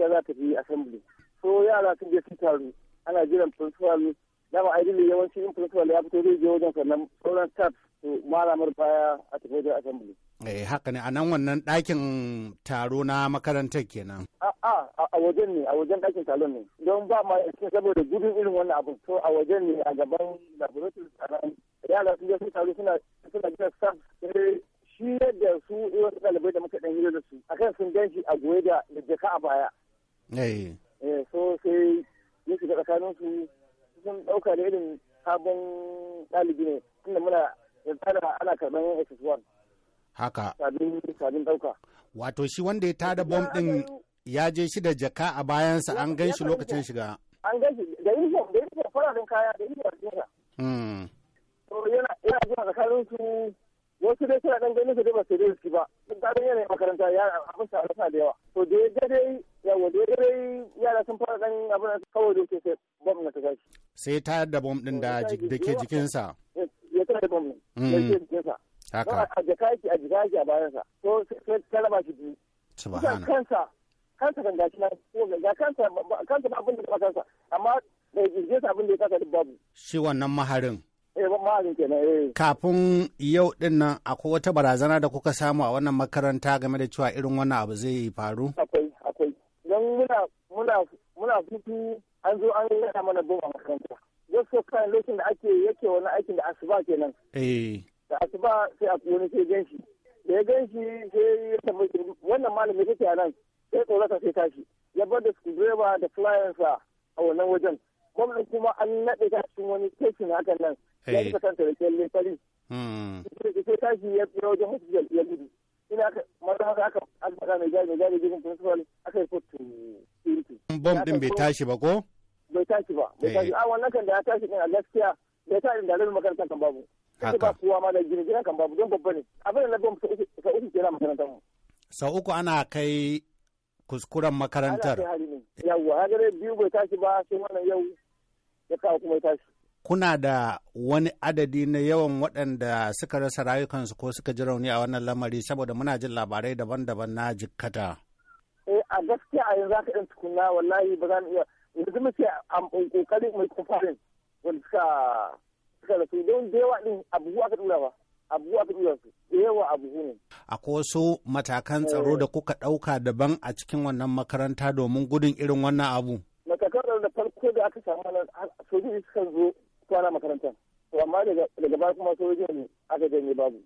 ita za ta yi assembly so yara sun je sun taru ana jiran principal da ba ideally yawanci in principal ya fito zai je wajen sannan sauran staff su malamar baya a tafi wajen assembly eh haka ne a nan wannan ɗakin taro na makarantar kenan a a wajen ne a wajen ɗakin taro ne don ba ma yake saboda gudun irin wannan abu so a wajen ne a gaban laboratory tsaron yara sun je sun taru suna suna jiran staff eh, shi yadda su irin ɗalibai da muka ɗan yi da su akan sun ganshi a goye da jaka a baya Eh. eh so sai ya shiga tsakanin su sun dauka da irin sabon ɗalibi ne tunda muna tsara ana karɓar ss1 haka sabin dauka wato shi wanda ya tada bom din ya je shi da jaka a bayansa an gan shi lokacin shiga an gan shi da yi da yi da fararen kaya da yi da jira yana yana zuwa tsakanin su wasu dai suna dan ganin su dai ba su dai ba sun ta yanayin makaranta ya abin sa da yawa to da ya dai yawa yara sun fara sai ta da bom din da ke jikinsa ya bom ke mm. jikinsa haka a jaka yake a shi na kansa amma abin da ya kasa duk babu wannan maharin eh, eh. Kafin yau din nan akwai wata barazana da kuka samu a wannan makaranta game da cewa irin wannan abu zai faru? don muna muna muna fiti an zo an yana mana goma makaranta gaskiya kan lokacin da ake yake wani aikin da asuba kenan eh da asuba sai a wani sai gan shi da ya gan shi sai ya tambaye wannan malami kake a nan sai tsorata sai tashi ya bar da direba da flyersa a wannan wajen gwamnan kuma an naɗe ta cikin wani na hakan nan ya yi eh. kasanta da kyalle fari hmm. sai tashi ya fi wajen hospital ya gudu ina haka maza haka aka an faɗa mai gari principal aka yi Bom din bai tashi ba ko? Bai tashi ba. Bai eh. tashi. A wannan kan da ya tashi din a gaskiya bai tashi da rabin makarantar kan babu. Haka. Ba kowa ma da gini gidan kan babu don babba ne. Abin da na bom sau uku kenan makarantar mu. Sau uku ana kai kuskuren makarantar. Ana kai hari ne. Yawwa, ya gare biyu bai tashi ba sai wannan yau ya kawo kuma ya tashi. kuna da wani adadi na yawan waɗanda suka rasa rayukansu ko suka ji rauni a wannan lamari saboda muna jin labarai daban-daban na jikkata. Eh, a gaskiya a yanzu haka ɗan tukuna wallahi ba za mu iya yanzu muke kokarin mai kofarin wanda suka suka rasu don da yawa a abubuwa aka ɗura ba. abubuwa aka ɗura su da yawa abubu ne. Akwai wasu matakan tsaro da eh. kuka ɗauka daban a cikin wannan makaranta domin gudun irin wannan abu. Matakan da farko da aka samu sojoji sukan zo kwana makarantar to amma daga baya kuma sojoji ne aka janye babu